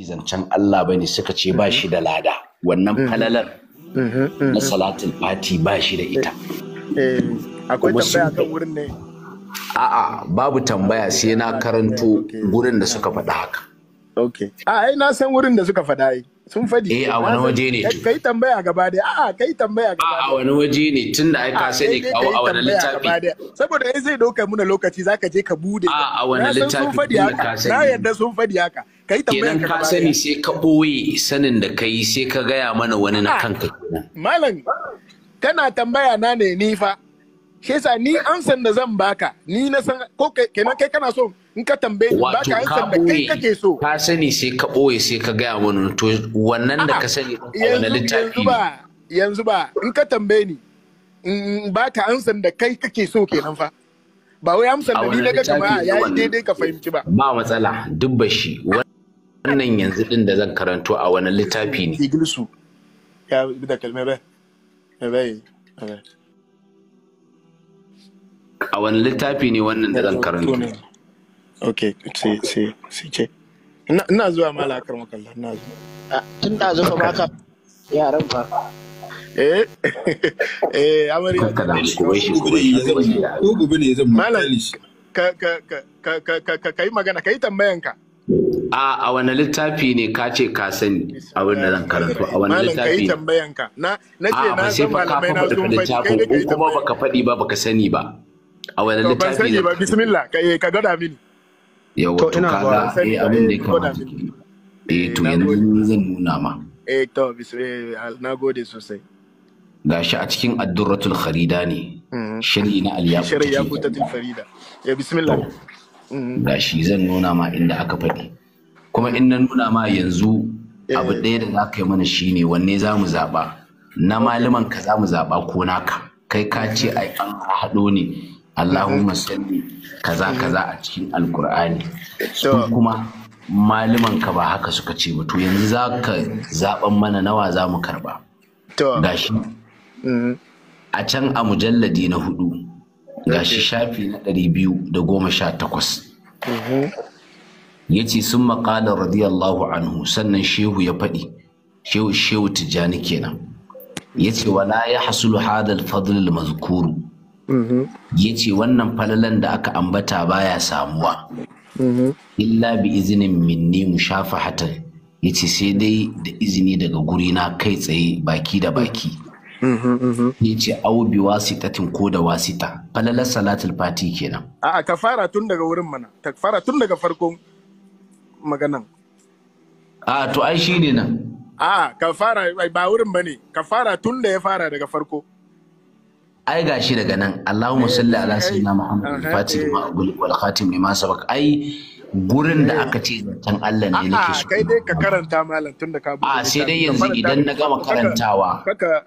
zancen Allah bane suka ce ba shi da lada wannan mm-hmm. falalar mm-hmm. Mm-hmm. na salatul fati ba shi da ita eh, eh, akwai tambaya kan wurin ne a'a babu tambaya sai na karanto gurin da suka faɗa haka okay a ah, ai na san wurin da suka faɗa sun faɗi eh a wani waje ne kai tambaya gaba da a'a kai tambaya gaba a wani waje ne tunda ai ka ah, sai ne kawo a wani littafi saboda ai zai dauka muna lokaci zaka je ka bude a wani littafi na yadda sun faɗi haka kai tambayar ka ka sani sai ka boye sanin da kai sai ka gaya mana wani na kanka malam tana tambaya na ne ni fa shi yasa ni ansan da zan baka ni na san ko kenan kai kana so in ka tambaye ni baka ansan da kai kake so ka sani sai ka boye sai ka gaya mana to wannan da ka sani wannan littafi yanzu ba yanzu ba in ka tambaye ni in baka ansan da kai kake so kenan fa ba wai amsar da ni na ga kama ya yi daidai ka fahimci ba ba matsala dubba shi wannan yanzu din da zan karanto a wani littafi ne Iglisu ya bi da kalmai ba bai a wani littafi ne wannan da zan karanto ok sai sai sai ce ina zuwa ma malakar makalla ina zuwa tun da zuwa baka yaran ba eh eh da ne malam a a littafi ne ka ce ka sani a wani littafi ne? na na san malamai na sun kai faɗi ba baka sani ba a wani littafi ne bismillah ka eh, ka to eh, abin da eh, eh to yanzu zan nuna ma eh to bismillah na gode sosai gashi a cikin addurratul kharida ne mm-hmm. shir'i na al kharida ya bismillah mm-hmm. shi zan nuna ma inda aka faɗi kuma in na nuna ma yanzu eh. abu ɗaya da za ka yi mana shine wanne za mu zaɓa na malaman za mu zaɓa ko naka kai ka ce ai an haɗo ne Allahumma mm-hmm. salli kaza kaza a cikin alkur'ani su kuma maliman ka ba haka suka ce ba to yanzu za ka zaɓan mana nawa za mu karɓa gashi a can a mujalladi na hudu gashi shafi na ɗari biyu da goma sha takwas ya ce sun maƙalar radiyallahu anhu sannan shehu ya faɗi shehu shehu tijjani kenan ya ce wala ya hasulu hadal fadlil mazkuru ya ce wannan falalan da aka ambata baya samuwa illa bi izinin minni mushafahatan ya ce sai dai da izini daga gurina kai tsaye baki da baki yace aw bi wasitatin ko da wasita falalar salatul fati kenan a'a ka fara tun daga wurin mana ta fara tun daga farkon maganan a to ai shine nan a ka fara ba wurin bane ka fara tun da ya fara daga farko ai gashi daga nan Allahumma salli ala sayyidina Muhammad al-Fatih wal khatim lima sabaq ai gurin da eh. aka ce zancen Allah ne nake so. kai dai ka karanta malam tun da ka bude. A sai dai yanzu idan na gama karantawa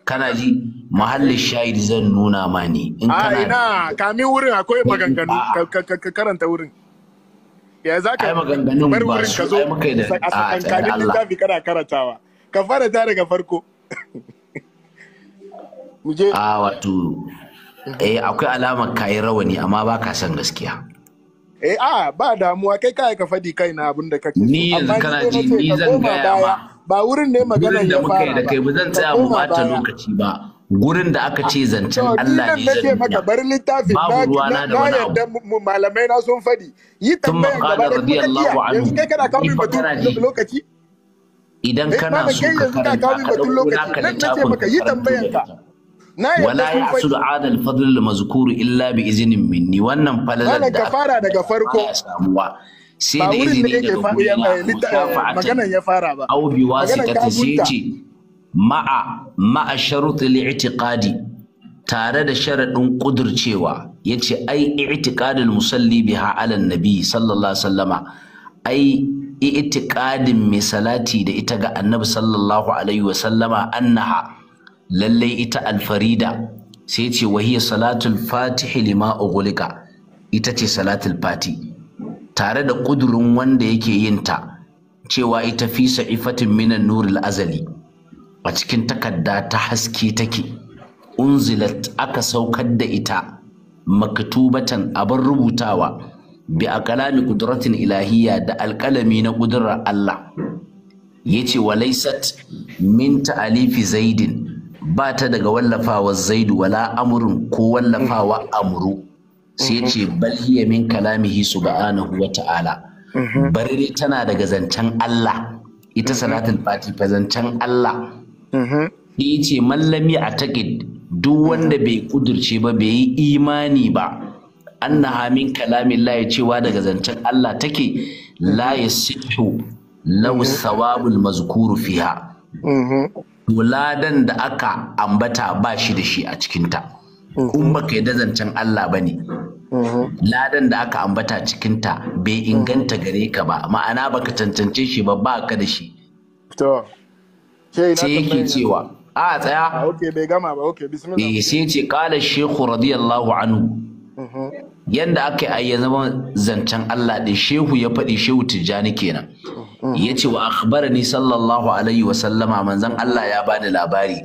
kana ji mahallin shahid zan nuna ma ne. In kana ina kamin wurin akwai eh, maganganu ka karanta wurin. Ya za ka maganganun ba su ai muka da a tsakanin Allah. kana karantawa. Ka fara ta daga farko. A wato eh akwai alamar kayi rawani amma ba ka son gaskiya. eh a ah, ba damuwa kai kai ka fadi kai na abin da kake ni yanzu kana ji ni zan gaya ma ba wurin ne magana ya fara ba da kai ba zan tsaya mu bata lokaci ba gurin da aka ce zancen Allah ne zan maka bar littafi na na da wani abu malamai na sun fadi yi tambaya gaba da radiyallahu anhu kai kana kawo batun lokaci idan eh, kana so ka karanta ka dauko naka littafin ka yi tambayanka wala ya su da adal fadlul mazkuru illa bi izinin minni wannan falalar da ka fara daga farko sai da izini daga gurina maganan ya fara ba au bi wasitata sai ce ma'a ma'a sharutul i'tiqadi tare da sharaɗin ƙudurcewa ya ce ai i'tiqadul musalli biha ala nabi sallallahu alaihi wasallama ai i'tiqadin misalati da ita ga annabi sallallahu alaihi wasallama annaha lallai ita alfarida sai ce wahiyar salatul fatihi lima ugulika ita ce salatul fati tare da kudurin wanda yake yin ta cewa ita fi sa'ifatin minan nuril azali a cikin takarda ta haske take unzilat aka saukar da ita maktubatan abin rubutawa bi a kalami ƙudratin ilahiyya da alƙalami na kudurar Allah Ya yace walaisat Minta ta'alifi zaidin ba ta daga wallafawa zaidu wala amurin ko wallafawa amuru sai ce bal hiya min kalamihi subhanahu wa ta'ala mhm. bari tana daga zancen Allah ita mhm. salatul fati fa zancen Allah ya mhm. ce mallami a take duk wanda bai kudurce ba bai yi imani ba An nahamin kalamin la cewa daga zancen Allah take la yasihu law sawabul mazkuru fiha to ladan da aka ambata ba shi da shi a cikinta mhm. in ba ka yi zancen Allah ba ne mhm. ladan da aka ambata cikinta bai mhm. inganta gare ka ba ma'ana baka ka cancance shi ba ba ka da shi sai yake cewa a tsaya ah, eh, sai ce kala shekhu radiyallahu anhu yanda aka yi ai ya zama zancen Allah din shehu ya faɗi shehu tijjani kenan Ya ce wa akhbarani sallallahu alaihi wa sallama manzan Allah ya bani labari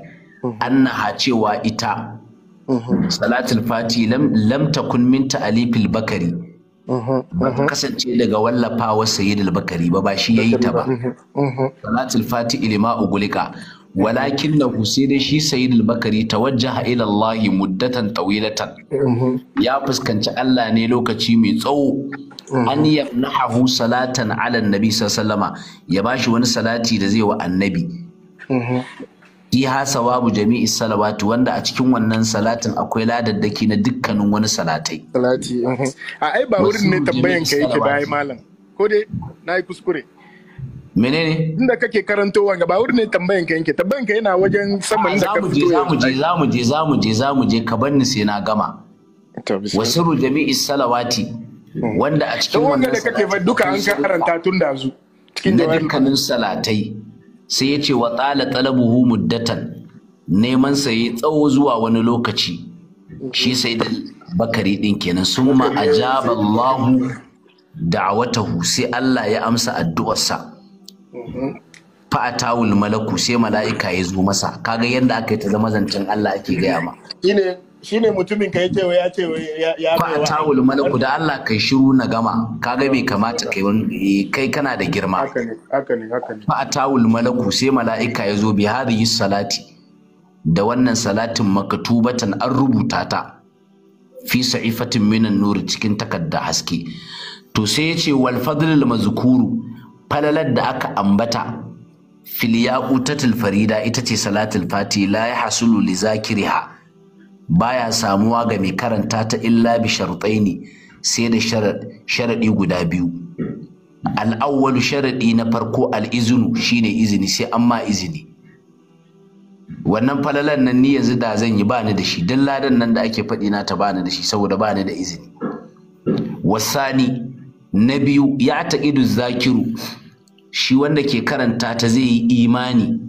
annaha cewa ita salatul fati lam lam takun min bakari ba ta kasance daga wallafa wa sayyidul bakari ba ba shi yayi ta ba salatul fati ilma ugulika walakin na sai dai shi sayyid al-bakari tawajjaha ila Allah muddatan tawilatan mhm. ya fuskanci Allah ne lokaci mai tsawo mhm. an yamnahu salatan ala annabi sallama ya shi wani salati da zai wa annabi mhm. fiha sawabu jami'i salawati wanda a cikin wannan salatin akwai ladaddaki na dukkanin wani salatai salati a ai ba wurin ne tambayan ka yake bai malam ko dai nayi kuskure menene inda kake karantowa ga ba wurin ne tambayan ka yanke tambayan ka yana wajen saman da ka Za mu je Za mu je Za mu je Za mu je ka banni sai na gama wasiru jami'i salawati hmm. wanda a cikin wannan da kake ba duka an karanta tun da zu cikin da dukkanin salatai sai ya ce wa tsala talabuhu muddatan neman sa yi tsawo zuwa wani lokaci shi hmm. sai da bakari din kenan summa ajaba Allahu da'awatahu sai Allah ya amsa addu'arsa Fa a tawun malaku sai mala'ika ya zo masa kaga yadda aka yi ta zama zancen Allah ake gaya ma shine mutumin ka yace ya ce ya tawun malaku da Allah kai shiru na gama kaga bai kamata kai kai kana da girma haka ne haka ne haka ne tawun malaku sai mala'ika ya zo bi hadhihi salati da wannan salatin makatubatan an rubuta ta fi sa'ifatin minan nuri cikin takarda haske to sai ya ce wal fadlil mazkuru falalar da aka ambata filiya utatul farida ita ce salatul fati la hasulu li zakiriha baya samuwa ga mai karanta ta illa bi shartaini sai da sharadi guda biyu al sharadi na farko al-iznu shine izini sai amma izini wannan falalan nan ni yanzu da zan yi bani da shi dan ladan nan da ake faɗi na ta bani da shi saboda bani da izini wasani na biyu ya taƙidu zakiru shi wanda ke karanta ta zai yi imani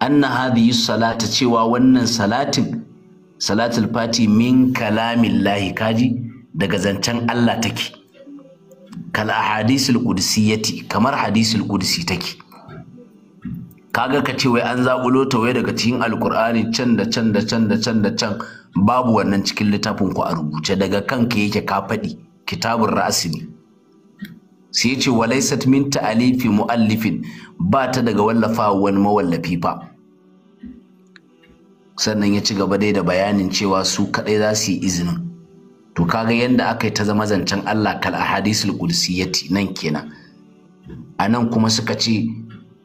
anna hadhihi salata cewa wannan salatin salatul fati min kalamillahi kaji daga zancen Allah take kal ahadisul qudsiyati kamar hadisul qudsi take kaga ka ce wai an zaƙulo ta wai daga cikin alkur'ani can da can da can da can da can babu wannan cikin littafin ku a rubuce daga kanka yake ka faɗi kitabun ra'asi ne sai ya ce walaisat min ta'alifi mu'allifin ba ta daga wallafa wani mawallafi fa sannan ya ci gaba dai da bayanin cewa su kaɗai za su yi izinin to kaga yanda aka yi ta zama zancen Allah kal ahadisul qudsiyati nan kenan nan kuma suka ce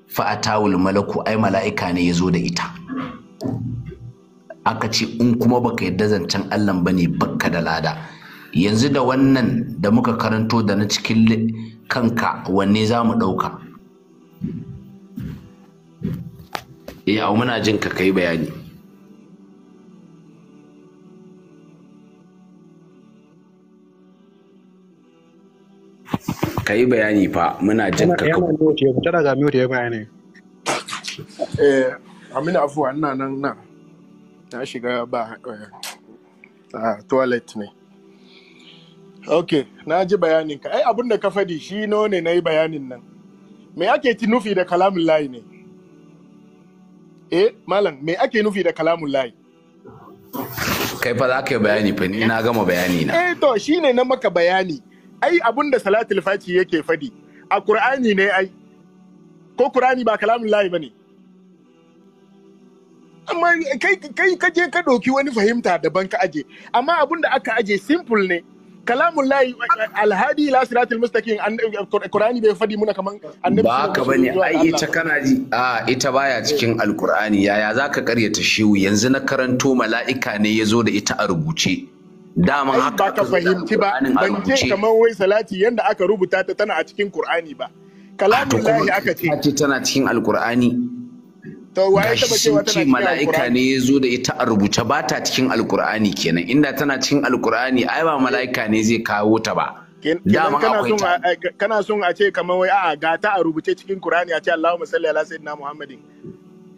fa tawul malaku ai mala'ika ne ya zo da ita aka ce in kuma baka yadda zancen Allah bane bakka da lada yanzu da wannan da muka karanto da na cikin kanka wanne za mu ɗauka eh au muna jin ka kai bayani ka yi bayani fa muna jin ka kuma ya fita daga mute ya bayani eh amina afuwa ina nan na shiga ba eh, a ah, toilet ne ok na ji bayanin ka ai abin da ka fadi shi no ne na yi bayanin nan me ake ti nufi da kalamun layi ne eh malam me ake nufi da kalamun layi kai fa za ka yi bayani fa ni na gama bayani na eh to shi ne na maka bayani ai abin da salatul faci yake fadi a qur'ani ne ai ko qur'ani ba kalamun layi bane amma kai kai ka je ka doki wani fahimta daban ka aje amma abin da aka aje simple ne kalamun layi alhadi la siratul mustaqim qur'ani bai fadi muna kaman annabi ba ka bane ai ita kana ji a ita baya cikin alqur'ani yaya zaka karyata shiwu yanzu na karanto mala'ika ne yazo da ita a rubuce daman haka ba ka fahimci ba ban ce kaman wai salati yanda aka rubuta ta tana a cikin qur'ani ba kalamun layi aka ce tana cikin alqur'ani Gashi sun ce mala'ika ne ya zo da ita a rubuce ba ta cikin alkur'ani kenan inda tana cikin alkur'ani ai ba mala'ika ne zai kawo ta ba dama akwai ta kana son a ce kamar wai a'a ga ta a rubuce cikin qur'ani a ce Allahumma salli ala sayyidina Muhammadin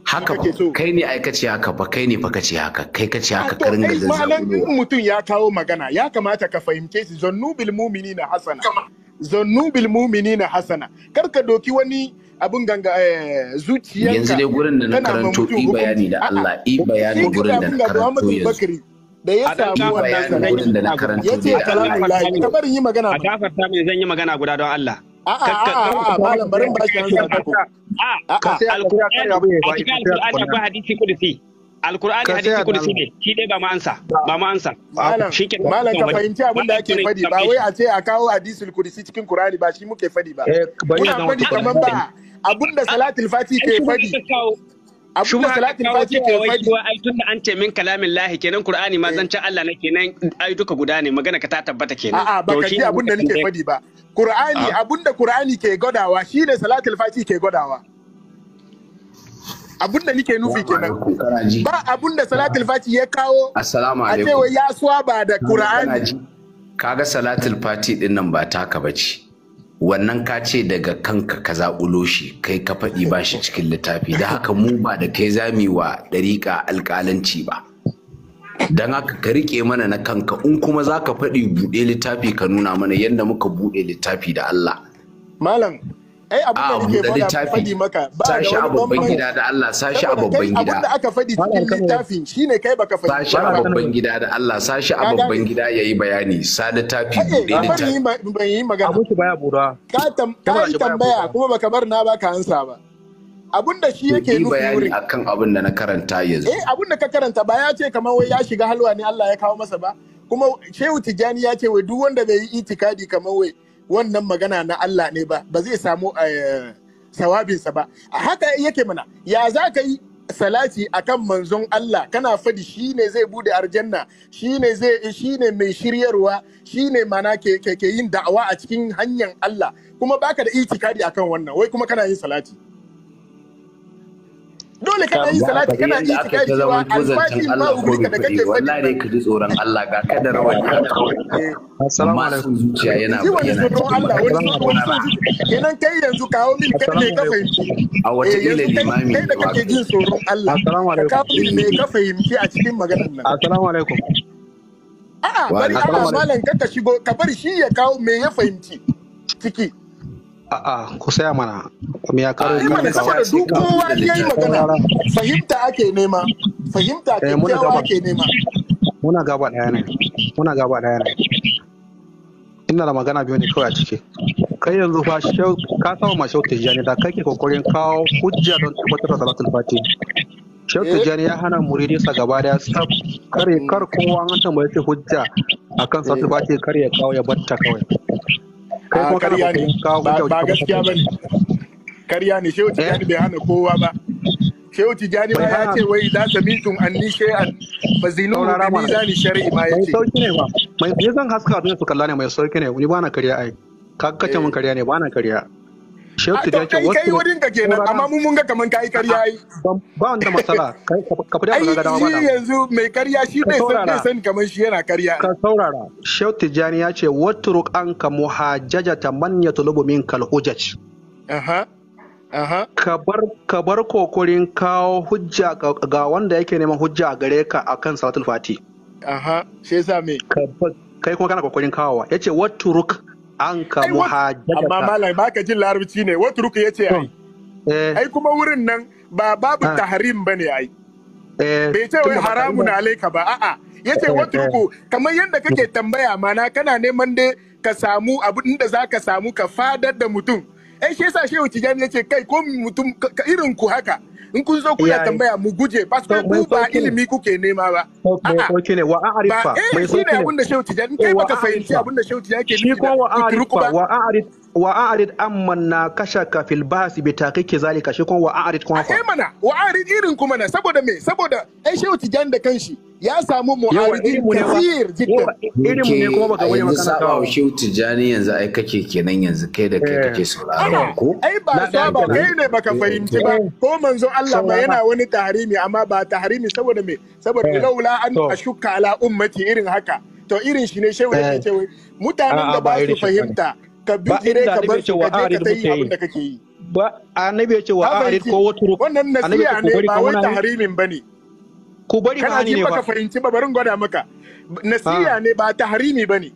haka ba kai ne ai kace haka ba kai ne fa kace haka kai kace haka ka ringa zazzabu malamin mutum ya kawo magana ya kamata ka fahimce shi zannubil mu'minina hasana zannubil mu'minina hasana kar ka doki wani abin ganga eh, zuciyanka yanzu dai gurin da na karanto i bayani da Allah i bayani gurin da na karanto yanzu da ya samu wannan gurin da na karanto ya da Allah ka bari yi magana a gafarta mai zan yi magana guda don Allah a'a malam barin ba ki hanzar ka ka sai alkur'ani akwai hadisi kudusi alkur'ani hadisi kudusi ne shi dai ba mu ansa ba mu ansa shi ke malam ka fahimci abin da ake fadi ba wai a ce a kawo hadisul kudusi cikin qur'ani ba shi muke fadi ba eh, muna fadi kaman ba abinda salatul fati ke fadi abinda salatul fati ke fadi wa ai tunda an ce min kalamin lahi kenan qur'ani ma eh. zancen Allah ne kenan ai duka guda ne magana ka ta tabbata kenan a'a ba ka ji abinda nake fadi ba qur'ani ah. abinda qur'ani ke godawa shine salatul fati ke godawa abinda nike nufi kenan ba da salatul fati ya kawo assalamu alaikum a cewa ya swaba da qur'ani kaga salatul fati din nan ba taka bace wannan ka ce daga kanka ka zaƙulo shi kai ka faɗi ba shi cikin littafi da haka mu ba da kai zami wa ɗariƙa alƙalanci ba don haka ka riƙe mana na kanka in kuma za ka faɗi buɗe littafi ka nuna mana yadda muka buɗe littafi da Allah malam ai abin da nake faɗa faɗi maka ba da wani babban gida da Allah sashi a babban gida abin da aka faɗi cikin littafin shine kai baka faɗi sashi a babban gida da Allah sashi a babban gida yayi bayani sa littafi bude littafi ban yi magana abuki baya bura ka tambaya kuma baka bar na baka ansa ba abun da shi yake nufi wurin akan abin da na karanta yanzu eh abun da ka karanta ba ya ce kamar wai ya shiga halwa ne Allah ya kawo masa ba kuma Shehu Tijani ya ce wai duk wanda bai yi itikadi kamar wai wannan magana na Allah ne ba ba zai samu eh, sawabinsa ba a haka yake mana ya za ka yi salati akan manzon Allah kana fadi shine zai bude arjanna shine zai shine mai shiryarwa shine mana ke, ke yin da'awa a cikin hanyar Allah kuma baka da itikadi akan wannan wai kuma kana yin salati dole kana yi salati kana yi tikari cewa alfaji ba ubrika da kake wallahi ka ji tsoron Allah ga kada rawan ka assalamu alaikum zuciya yana bayyana Allah wani kenan kai yanzu kawo min kai ne ka fahimci a wace ile limami kai da kake jin tsoron Allah assalamu alaikum ka fahimci me ka fahimci a cikin maganar nan assalamu alaikum a'a bari Allah malam ka shigo ka bar shi ya kawo me ya fahimci ciki A'a, ku saya mana. Kuma ya karo kan da kawai. Duk kowa yayi magana. Fahimta ake nema. Fahimta eh, kyakkyawa ake nema. Muna gaba ɗaya ne. Muna gaba daya ne. Ina da magana biyu ne kawai a ciki. Kai yanzu fa ka sama ma shautar jani da kake kokarin kawo hujja don tabbatar da salatul fati. Shautar eh? jani ya hana muridinsa gaba daya sab kare kar kowa an tambaye shi hujja akan salatul eh. fati kare ya kawo ya batta kawai. kariya karya ne ba gaskiya ba ne karya ne shehu tijjani eh? bai hana kowa ba shehu tijjani ba ya ce wai la samitum anni shay'an fa zinu bi zani shari'i ma ya ce sauki ne ba mai zan haska abin su kalla ne mai sauki ne wani ba na kariya ai ka kace mun eh. kariya ne ba na kariya. shehu tijjani wasu kai wurin ka kenan amma mun mun ga kaman kai karya yi ba wanda matsala ka fita daga gadawa ba yanzu mai karya shi ne san bai san kaman shi yana karya ka saurara shehu tijjani ya ce watruk anka muhajjajata man yatlubu minkal hujaj aha ka bar kokorin kawo hujja ga wanda yake neman hujja a gare ka akan salatul fati aha sai sa me kai kuma kana kokorin kawowa yace watruk an ka muhajjata amma malam baka jin larabci ne wata ruku yace ai eh. ai kuma wurin nan ba babu ah. tahrim bane ai eh, bai ce wai haramun alaika ba a'a yace eh, wata ruku kamar yadda kake tambaya mana kana neman dai ka samu abu da zaka samu ka fadar da mutum ai shi yasa shehu tijani yace kai ko mutum irin ku haka in kun zo ya tambaya mu guje ba ku ba ilimi kuke nema ba a'a wa a'arifa eh, sauki ne abin da shehu tijani kai baka fahimci abin da shehu ke nufi da wa a'arifa wa wa a'rid amman na kashaka fil bahsi bi taqiqi zalika shi kuma wa a'rid kuma fa mana wa a'rid irin kuma na saboda me saboda ai shehu tijan da kanshi ya samu mu'aridi kasir jiddan irin mu ne kuma baka wani magana kawo shehu tijani yanzu ai kake kenan yanzu kai da kai eh. kake sauraron ko ai ba saba kai ne baka eh, fahimci eh. ba ko manzo Allah ba yana wani tahrimi amma ba tahrimi saboda me saboda laula an ashukka ala ummati irin haka to irin shi ne shehu yake cewa mutanen da ba su fahimta ka bi gire ka bar su ka je ka yi abin da kake yi ba annabi yace wa a'rid ko watruk wannan nasiha ne ba wai tahrimin bane ku bari ba ne ba kana fahimci ba barin gwada maka nasiha ah. ne ba tahrimi bane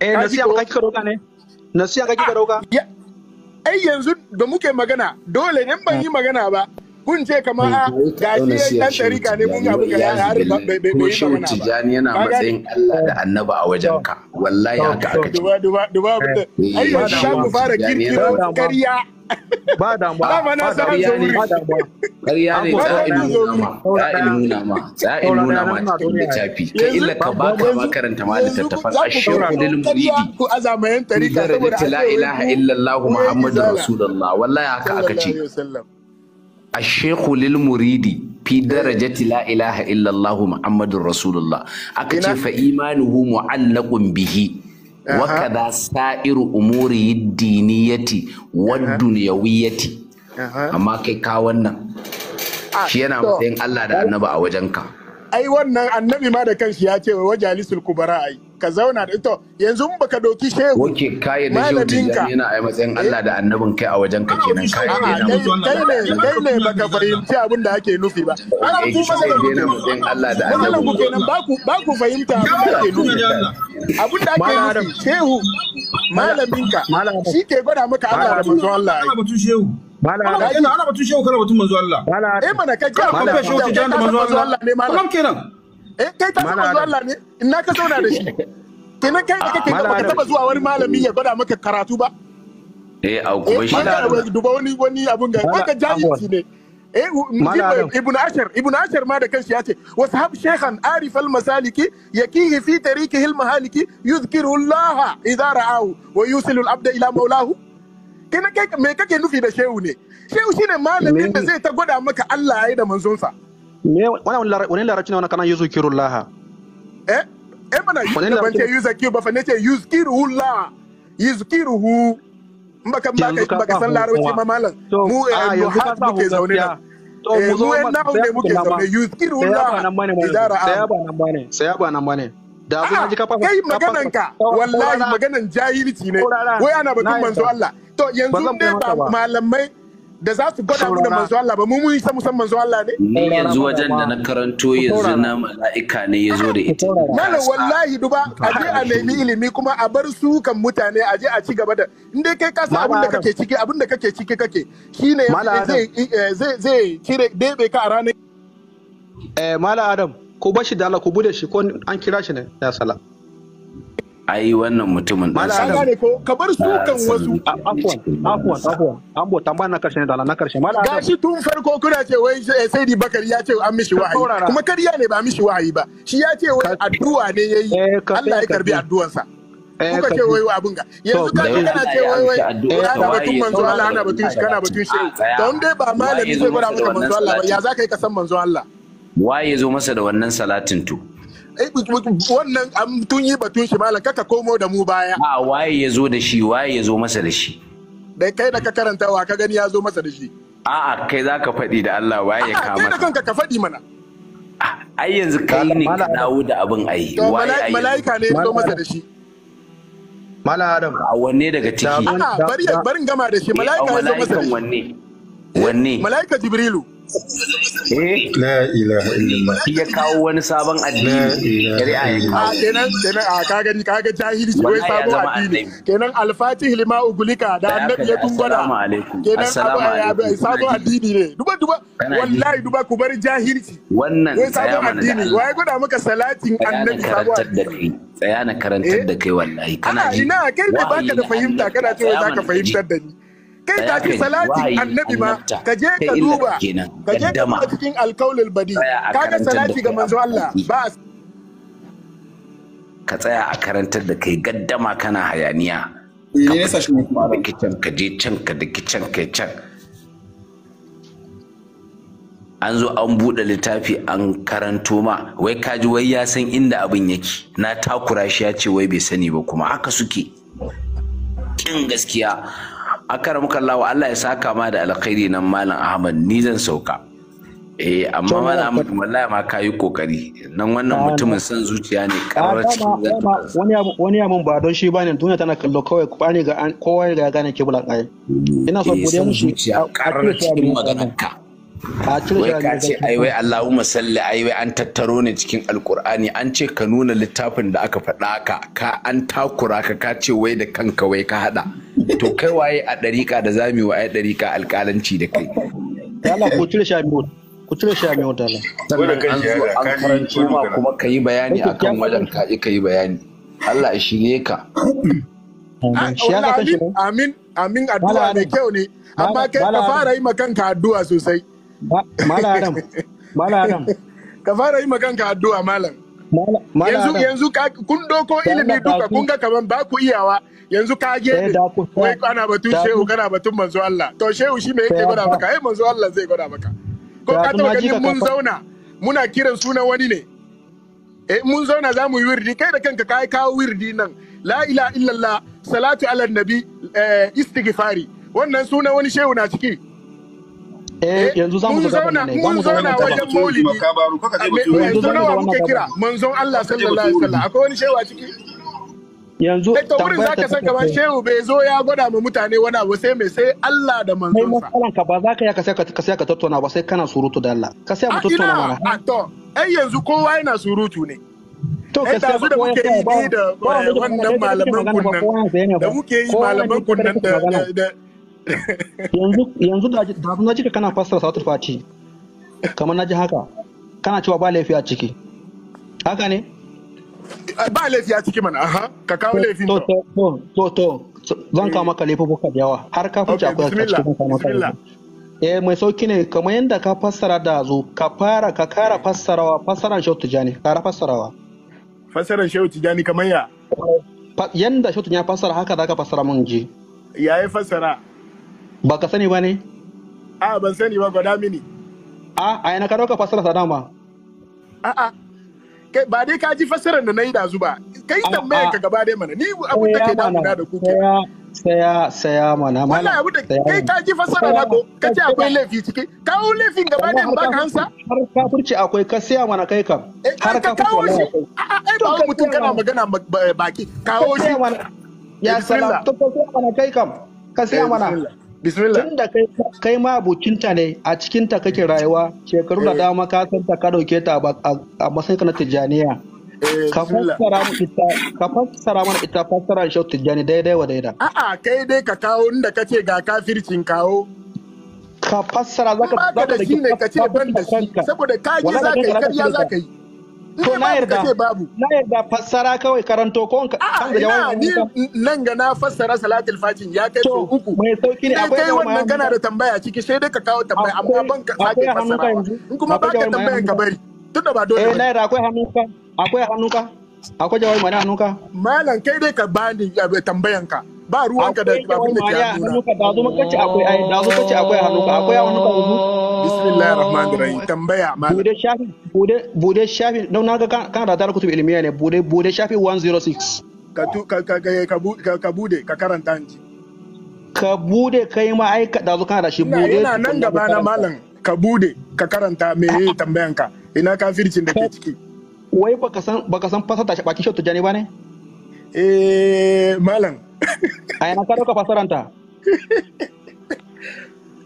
eh nasiha ba kake roka ne nasiha kake ah, roka ai yanzu da muke magana dole in ban ah. yi magana ba kun ce kamar a gashi dan tarika ne mun ga buga ya har bai bai bai ba mana tijani yana matsayin Allah da annaba a wajenka. ka wallahi haka aka ce duba duba duba eh. Eh, ai ya sha ku fara kirkiro ƙarya ba damuwa ba damuwa. mana ne za ƙarya nuna ma, za nama nuna ma, za ta nuna ma cikin littafi ka illa ka ba ka ba karanta ma littattafan ashiru lil muridi ku azama yan tarika saboda la ilaha illallah muhammadur rasulullah wallahi haka aka ce ashekhu lil muridi fi darajati la ilaha illallahu muhammadur rasulullah aka ce fa imanuhu mu'allaqun bihi wa kadha sa'iru umuri diniyati wad yawiyati. amma kai ka wannan shi yana matsayin Allah da annaba a wajenka ai wannan annabi ma da kanshi ya ce wa jalisul kubara ai ka zauna da ito yanzu in baka doki shehu wake kai da shehu tijjani yana a matsayin eh? Allah da annabin kai a wajen ka kenan kai ne kai ne kai ne baka fahimci abin da ake nufi ba ana eh, ku da yana matsayin Allah da annabin ku kenan ba ku ba ku fahimta abin da ake nufi abin da ake nufi shehu malaminka shi ke gwada maka Allah da manzo Allah Malam ana batun shehu kana batun manzo Allah. Eh mana ka ga ko shehu tijjani da manzo Allah ne Malam kenan. eh kai ta san zuwa Allah ne ina ka zauna da shi kenan kai da kake ba ka taba zuwa wani malami ya gwada maka karatu ba eh a kuma eh, shi da duba wani wani abun ga kai ka jahilci ne eh ibn ashar ibn ashar ma da kanshi ya ce wa sahab shaykhan arif al masaliki yakihi fi tariqihi al mahaliki yuzkiru Allah idha ra'ahu wa yusilu al abda ila maulahu kenan kai me kake nufi da shehu ne shehu shine malamin da zai ta gwada maka Allah yayi da manzonsa me wani wani ne wani kana yuzu kirullah eh eh mana yuzu ban ce yuzu kiru ba fa ce yuzu kirullah yuzu kiruhu in baka baka baka san larabci ma malam mu eh mu har zaune to eh, mu zo eh, na ne muke zaune yuzu kirullah idara saya ba nan bane ah. ba nan bane da abin ah, ji kafa kai maganan ka wallahi maganan jahilci ne wai ana batun manzo Allah to yanzu ne ba malamai da za su gwada mu da manzo Allah ba mu mun san musan manzo Allah ne ni yanzu wajen da na karanto yanzu na mala'ika ne ya da ita mana wallahi duba a je a nemi ilimi kuma a bar su kan mutane a je a ci gaba da inda kai ka san abin da kake ciki abin da kake ciki kake shine zai eh, zai zai cire debe ka a ranar eh mala adam ko bashi da Allah ko bude shi ko an kira shi ne ya sala ai wannan mutumin da sa gane ko ka bar su kan wasu afwan afwan afwan an bota na karshe ne da na karshe mala gashi tun farko kuna ce wai eh, saidi bakari ya ce an mishi wahayi kuma kariya ne ba mishi wahayi ba shi ya ce wai addu'a ne yayi eh, Allah ya eh, karbi addu'ansa kuka ce wai abun ga yanzu ka ce kana ce wai wai ana batun manzo Allah ana batun shi kana batun shi don dai ba malami zai gwada maka manzo Allah ba ya zaka ka yi ka san manzo Allah waye zo masa da wannan salatin to Eh, wannan an tun yi batun shi malam kaka komo da mu baya a waye ya zo da shi waye ya zo masa da shi Dai kai da ka karanta wa ka gani ya zo masa da shi a'a kai za ka faɗi da Allah waye ya kama kai da kanka ka faɗi mana ah, ai yanzu kai ne ka dawo da abin ai waye mala'ika ne ya zo masa da shi Malam Adam. A wanne daga ciki? A'a bari gama da shi eh, mala'ika ya zo masa da shi. Wanne? Wanne? Mala'ika Jibrilu. eh la ilaha illallah shi ya kawo wani sabon addini shari'a ya kawo ah, kenan kenan a ah, ka gani ka ga jahilci wai sabon addini kenan alfatih lima ugulika da annabi ya tungwala kenan abu ya sabon addini ne duba duba wallahi duba ku bar jahilci wannan wai sabon addini wai gwada maka salatin annabi sabon addini tsaya na karantar eh? da kai wallahi kana ah, ina kai ne baka da fahimta kana cewa zaka fahimtar da ni kai ta ki salati annabi ma ka je ka duba ka je ka cikin alkaulul badi ga salati ga manzo Allah ba ka tsaya a karantar da kai gaddama kana hayaniya ka da ka je can ka da kicin ka can an zo an buɗe littafi an karanto ma wai kaji wai ya san inda abin yake na takura shi ya ce wai bai sani ba kuma haka suke kin gaskiya Akara muka lawa Allah ya saka ma da alkhairi nan malam Ahmad ni zan sauka eh amma malam Ahmad wallahi ma kayi kokari nan wannan mutumin san zuciya ne karar cikin wani wani mun ba don shi bane duniya tana kallo kawai ku bani ga kowa ya gane kibulan ai ina so godiya dai mushi karar cikin maganar ka wai ka ce ai wai Allahumma salli ai wai an tattaro ne cikin alkur'ani an ce ka nuna littafin da aka faɗa ka ka an takura ka ka ce wai da kanka wai ka hada to kai waye a ɗariƙa da zami wa ai ɗariƙa alƙalanci da kai Allah ku cire shi ku cire shi a mai wata sannan an zo an karanci ma kuma ka yi bayani akan wajen ka ka yi bayani Allah ya shirye ka amin amin addu'a mai kyau ne amma kai ka fara yi ma kanka addu'a sosai Malam Adam. Malam Adam. Ka fara yi maganka addu'a malam. yanzu yanzu kun doko ilimi duka kun ga kaman ba ku iyawa yanzu ka je wai kana batun shehu kana batun manzo Allah to shehu shi me yake gwada maka eh manzo Allah zai gwada maka ko ka taba ganin mun zauna muna kiran sunan wani ne eh mun zauna za mu yi wirdi kai da kanka kai kawo wirdi nan la ilaha illallah salatu ala nabi eh, istighfari wannan sunan wani shehu na ciki Eh, eh yanzu za mu shiga wannan ne. Mun zauna wajen Maulidi. Yanzu nawa muke kira manzon Allah sallallahu alaihi wasallam akwai wani shewa ciki? Yanzu ta wurin za ka san kamar shehu bai zo ya gwada ma mutane wani abu sai mai sai Allah da manzon sa. Kai matsalan ka ba za ka ya ka sai ka ka tattauna ba sai kana surutu da Allah. Ka sai mu ah, tattauna mana. A ah, to ai yanzu kowa yana surutu ne. to ka sai da muke da eh, wannan malaman kunnan da muke yi malaman kunnan da yanzu yanzu da da na jika kana fassara sautar fati kamar naji haka kana cewa ba laifi a ciki haka ne ba laifi a ciki mana aha ka kawo laifi to to to zan kawo maka buka da yawa har ka fuce akwai a cikin kawo maka eh mai sauki ne kamar yadda ka fassara da zo ka fara ka kara fassarawa fassaran shehu tijani kara fassarawa fassaran shehu tijani kamar ya yanda shehu tijani fassara haka zaka fassara mun ji yayi fassara ba ka sani ba ne a ban sani ba gwada mini a a yana ka ɗauka fasara sa dama a a kai ba dai ka ji fasarar da yi dazu ba. kai tambaye ka gaba dai mana ni abin da ke damuna da kuke saya saya mana mana abu da kai ka ji fasara na ko ka ce akwai laifi ciki kawo laifin gaba dai ba ka hansa har ka furci akwai ka saya mana kai kam eh, har ka kawo shi ai ba mutum kana magana baki kawo shi ya salam to ka saya mana kai kam ka saya eh, mana bismillah tun da kai kai ma abokinta ne a cikin ta kake rayuwa shekaru da eh. dama ka san ta ka dauke ta a matsayin na tijaniya eh, ka fassara ita mana ita fassara shi tijani daidai wa a'a kai dai ka kawo inda ce ga kafircin kawo ka fassara zaka zaka da shi ne kace ban da shi saboda ka ji zaka yi kariya yi to na yarda na yarda fassara kawai karanto ko kan da jawabi ni nan ga na fassara salatul fatin ya kai so uku mai sauki ne akwai kai wannan kana da tambaya ciki sai dai ka kawo tambaya amma ban ka sake fassara in kuma ba ka tambayan ka bari tunda ba dole eh na yarda akwai hannunka akwai hannunka akwai jawabi mana hannunka malam kai dai ka bani tambayan ka ba ruwan ka da abin da ke hannu na da zo ci akwai ai da zo ci akwai hannu ka akwai hannu ka rubu bismillahir rahmanir rahim tambaya ma bude shafi bude bude shafi don naga kan kan da kutub ilmiya ne bude bude shafi 106 ka tu ka ka ka bude ka karanta ni ka bude kai ma ai ka da zo kana da shi bude ina nan gaba na malam ka bude ka karanta me yayi tambayanka ina kafircin da ke ciki wai baka san baka san fasata shi bakin shi tujani ba ne eh malam a yana ka dauka fasaranta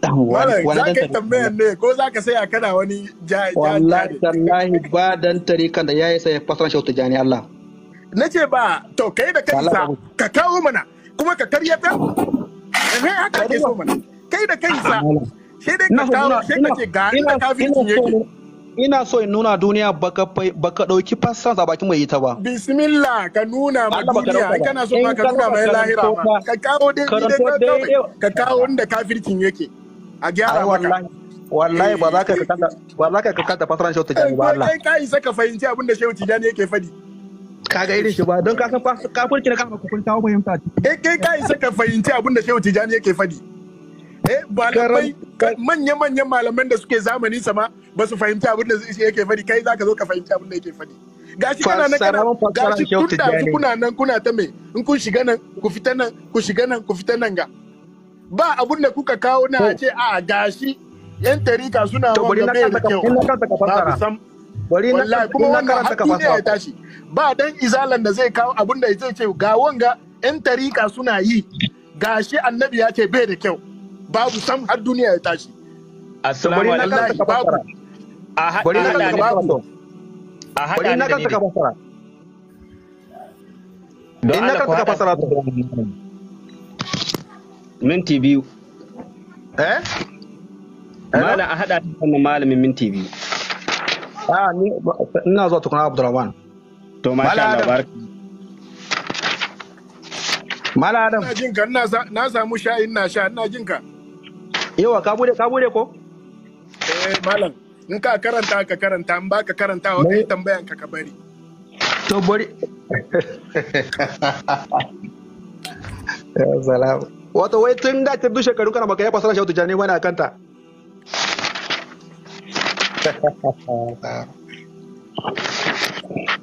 za ka tambayan ne ko za ka saya kana wani jaji wallahi tallahi ba dan tarikan da yayi sai fasaran shautu jani Allah na ce ba to kai da kansa ka kawo mana kuma ka karya ta kai eh, haka ke so mana kai da kansa sai dai ka kawo sai ka ce ga inda kafin yake ina so in nuna duniya baka baka dauki fassara a bakin mai ita ba bismillah ka nuna ma duniya kana so ma ka nuna mai lahira ma ka kawo dai ka kawo inda kafircin yake a gyara maka wallahi ba za ka ba za ka kakanta fasaran shehu tijani ba Allah kai kai sai ka fahimci abin da shehu tijani yake fadi kaga irin shi ba don ka san kafirci na kafa kun kawo fahimta eh kai kai sai ka fahimci abin da shehu tijani yake fadi eh malamai manya-manyan malaman da suke zamani sama ba su fahimci abin da yake faɗi kai zaka zo ka fahimci abin da yake faɗi gashi kana nan kana gashi tun da su kuna nan kuna ta me in kun shiga nan ku fita nan ku shiga nan ku fita nan ga ba abin da kuka kawo na ce a gashi yan tarika suna wanga bai da kyau ba sam bari na kuma wannan hakki ne ya tashi ba dan izalan da zai kawo abin da zai ce ga wanga yan tarika suna yi gashi annabi ya ce bai da kyau babu sam har duniya ya tashi assalamu alaikum a na babu a na minti biyu eh, eh? malam a malamin minti biyu a ah, ni ina zuwa tukuna Abdulrahman to Na jinka, na samu sha ina sha, ina jinka. yawa ka bude ka bude ko eh malam in ka karanta ka karanta in baka karanta wa kai tambayan ka ka bari to bari ya salamu wato wai tun da ta dushe karu kana baka ya fasara shautu jani wani akan akanta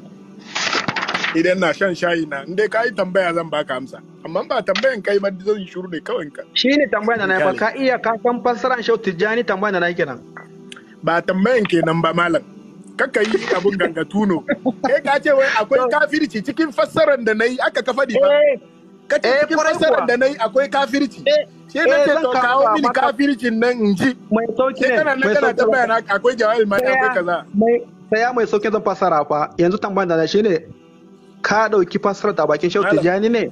idan na shan shayi na inda ka yi tambaya zan baka amsa amma ba tambayan kai ma zan shuru ne kawai ka Shi ne tambayan da na ba ka iya ka san fassaran shau tijjani tambayan da na kenan ba tambayan kenan ba malam kaka yi abun ganga tuno kai ka ce wai akwai kafirci cikin fassaran da nayi aka ka faɗi ba eh. ka ce eh, cikin fassaran da nayi akwai kafirci eh, sai na ce to kawo mini kafircin nan in ji mai sauki ne kana nan kana tambaya akwai jawabi ma akwai kaza sai ya mai sauki zan fassara fa yanzu tambayan da na shine ka ɗauki fassarar ta bakin shehu tijjani ne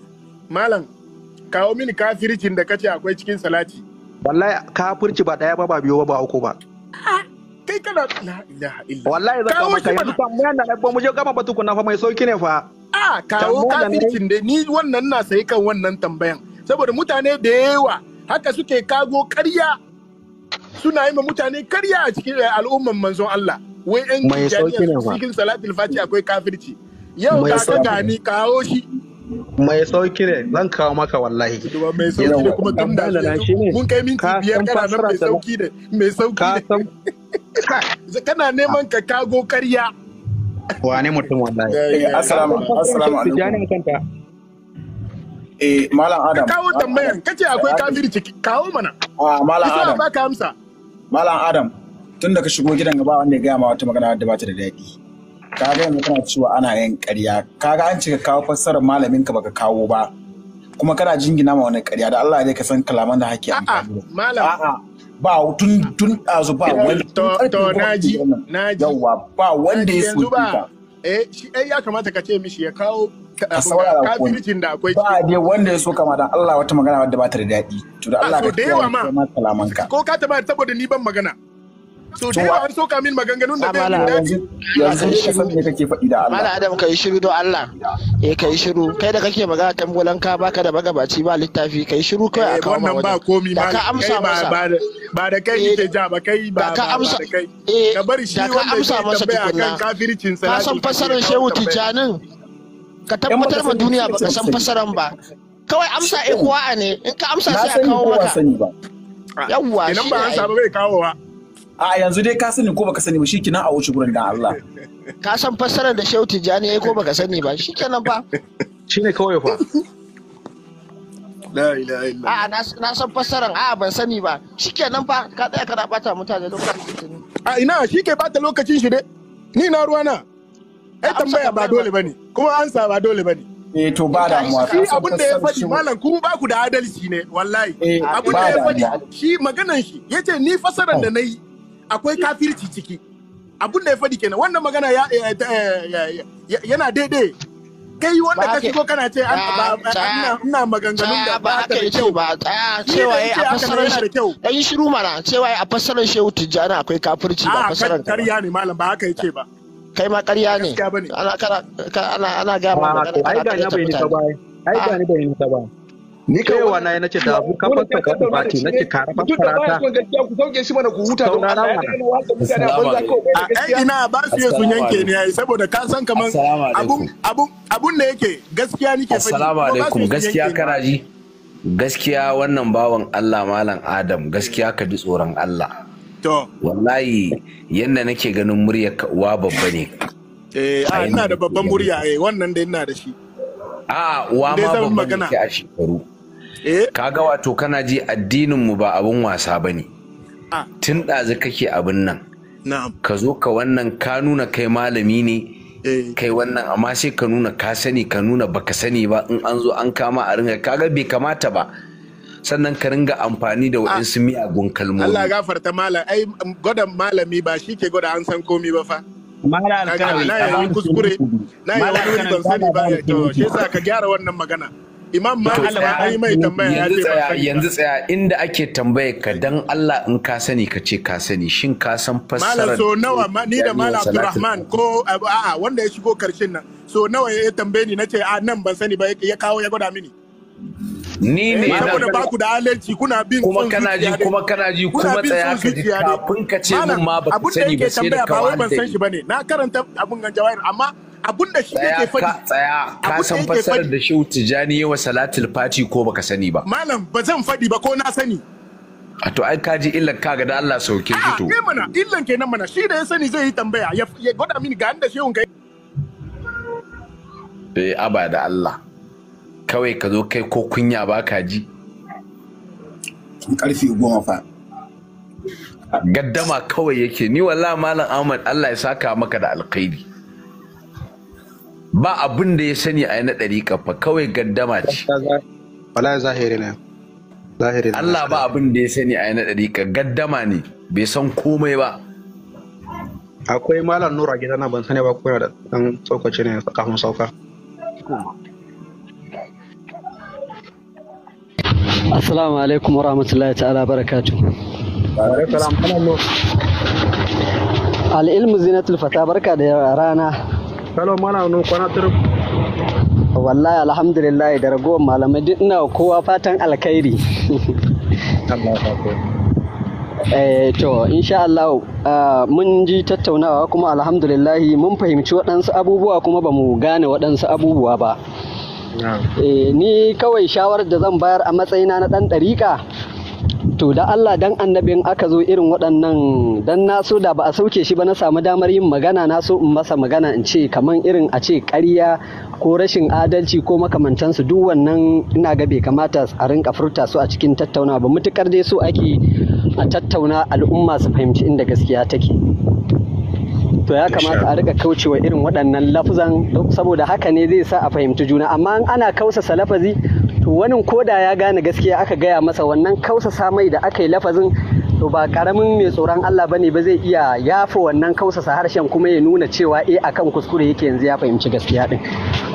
malam kawo mini kafircin da kace akwai cikin salati wallahi kafirci ba ɗaya ba ba biyo ba ba uku ba kai kana la ilaha illa wallahi zan kawo maka yanzu tambaya da ba mu je gama batu kuna fa mai sauki ne fa a kawo kafircin da ni wannan na sai kan wannan tambayan saboda mutane da yawa haka suke kago karya suna yi ma mutane karya a cikin eh, al'umman manzon Allah wai yan cikin salatul fati akwai kafirci yau kaka gani kawo shi mai sauki ne zan kawo maka wallahi mai sauki ne kuma tun da mun kai minti biyar kana nan mai sauki ne mai sauki ne kana neman ka kago karya wane mutum wallahi assalamu assalamu alaikum eh malam adam kawo tambayan kace akwai kafiri ciki kawo mana ah, a malam adam ba ka amsa malam adam tun da ka shigo gidan gaba wanda ya gaya ma wata magana da ba ta da daɗi Ka ga yanzu kana cewa ana yin ƙarya ka ga an cika kawo fassarar malamin ka baka kawo ba kuma kana jingina ma wani ƙarya da Allah dai ka san kalaman da hake amfani da a'a ba tun tun dazu ba wani to naji naji yawa ba wanda ya so ba eh shi eh ya kamata ka ce mishi ya kawo kafircin da akwai ba dai wanda ya so kama dan Allah wata magana wadda ba ta da daɗi to da Allah ka kawo kalaman ka ko ka ta ba saboda ni ban magana so da yawa an soka min maganganun da bai min daji yanzu shiru ne kake faɗi da Allah mala adam kai shiru don Allah eh kai shiru kai da kake magana tambulan ka baka da magabaci ba littafi kai shiru kai akan eh, wannan ba komi ma ka amsa masa ba da kai yake eh, ja ba kai ba ka amsa eh ka bari shi wanda amsa masa tukunna kafircin sa ka san fasaran shehu tijanin ka tabbatar ma duniya ba ka san fasaran ba kawai amsa ikuwa ne in ka amsa sai a kawo maka ah, yawwa shi ne ba an samu bai kawowa a yanzu dai ka sani ko baka sani ba shikenan a wuce gurin dan Allah ka san fassarar da Shehu Tijani yayi ko baka sani ba shikenan fa shine kawai fa la ilaha illa a na san fassarar a ban sani ba shikenan fa ka tsaya kana bata mutane lokacin a ina shike bata lokacin shi dai ni na na ai tambaya ba dole bane kuma ansa ba dole bane eh to ba da mu shi abin da ya faɗi malam kuma ba ku da adalci ne wallahi eh, abin da ya faɗi shi maganan shi yace ni fasaran da nayi akwai kafirci ciki abun da ya faɗi kenan wannan magana ya yana daidai kai wanda ka shigo kana ce ina maganganun da ba haka da kyau ba cewa ya a fasaran shi dan yi shiru mana cewa ya a fassarar shehu tijjani akwai kafirci ba ah, fasaran ka karya ne malam ba haka yake ba kai ma karya ne ana ana ana ga ma magana ai ga ni bai ni ba ai ah. ga ni bai ni ba ni kai wa na nace da abu ka fata ka da bati nace ka raba karata ku sauke shi mana ku huta don Allah a eh, ina ba su yi sun yanke ni yayi saboda ka san kaman abun abun abun da yake gaskiya nike fadi assalamu alaikum gaskiya karaji gaskiya wannan bawan Allah malam Adam gaskiya ka ji tsoron Allah to wallahi yanda nake ganin muryar ka uwa babba ne eh ina da babban murya eh wannan da ina da shi a uwa ma babba ne a shekaru Eh? kaga wato kana ji addininmu ba abin wasa ba ne. Ah. tun ɗazu kake abin nan ka zo ka wannan ka nuna kai malami ne eh. kai wannan amma sai ka nuna ka sani ka nuna baka sani ba in an zo an kama a ringa kaga bai kamata ba sannan ka ringa amfani da ah. waɗansu miyagun kalmomi Allah gafarta malam ai gwada malami ba shi ke gwada an san komi ba fa Mala alkarawi na yi kuskure na yi wani ban sani ba to shi yasa ka gyara wannan magana imam malam ai mai tambaya ya ce yanzu tsaya inda ake tambaye ka dan Allah in ka sani ka ce ka sani shin ka san fassara malam so nawa ni da malam Abdulrahman ko a'a wanda ya shigo karshen nan so nawa ya tambaye ni nace a nan ban sani ba ya kawo ya gwada mini ni eh, ne na saboda ba ku da alerji kuna bin kuma kana ji kuma kana ji kuma tsaya ka ji kafin ka ce mun ma ba ku sani ba sai da kawai ban san shi bane na karanta abun gan jawahir amma abun da shi yake fadi tsaya ka san fassarar da shi tijani wa salatul fati ko baka sani ba malam ba zan fadi ba ko na sani a to ai kaji illan ka ga da Allah sauke shi ah, to ne mana illan kenan mana shi da ya sani zai yi tambaya ya gwada mini ga inda shehun kai eh aba da Allah kawai ka zo kai ko kunya ba ka ji karfi goma fa gaddama kawai yake ni wallahi malam Ahmad Allah ya saka maka da alkhairi ba abin da ya sani a na ɗariƙa fa kawai gaddama ce wallahi zahiri ne zahiri ne Allah ba abin da ya sani a na ɗariƙa gaddama ne bai san komai ba akwai malam nura gida na ban sani ba ko da dan tsokaci ne kafin sauka assalamu alaikum wa rahmatullahi ta'ala barakatuh al'ilmu zinatul fata barka da rana mana nun Wallahi alhamdulillah da ragowar malamai duk ina kowa fatan alkhairi. Eh, to insha Allah ah, mun ji tattaunawa kuma alhamdulillahi mun fahimci waɗansu abubuwa kuma ba mu gane waɗansu abubuwa ba. Eh, ni kawai shawarar da zan bayar a matsayina na ɗan ɗariƙa to da Allah dan annabin aka zo irin waɗannan dan na da ba a sauke shi ba na samu damar yin magana naso in masa magana in ce kaman irin a ce ƙarya ko rashin adalci ko makamantansu duk wannan ina ga bai kamata a rinka furta su a cikin tattauna ba mutukar dai so ake a tattauna al'umma su fahimci inda gaskiya take. to ya kamata a rika kaucewa irin waɗannan lafuzan saboda haka ne zai sa a fahimci juna amma ana kausasa lafazi to wani koda ya gane gaskiya aka gaya masa wannan kausasa mai da aka yi lafazin to ba karamin mai tsoron Allah bane ba zai iya yafa wannan kausasa harshen kuma ya nuna cewa eh akan kuskure yake yanzu ya fahimci gaskiya din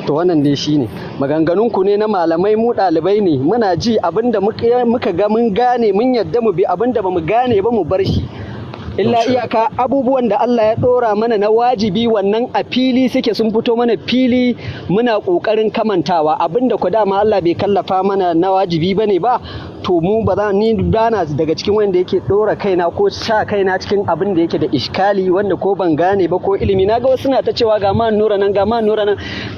to wannan dai shine maganganun ku ne na malamai mu ɗalibai ne muna ji abinda muka ga mun gane mun yadda mu bi abinda mu gane ba mu bar shi illa iyaka abubuwan da Allah ya ɗora mana na wajibi wannan a fili suke sun fito mana fili muna ƙoƙarin kamantawa abinda ku dama Allah bai kallafa mana na wajibi bane ba to mu ba za ni bana daga cikin wanda yake dora kaina ko sa kaina cikin abin da yake da iskali wanda ko ban gane ba ko ilimi naga wasu na ta cewa ga man nura nan ga man nura nan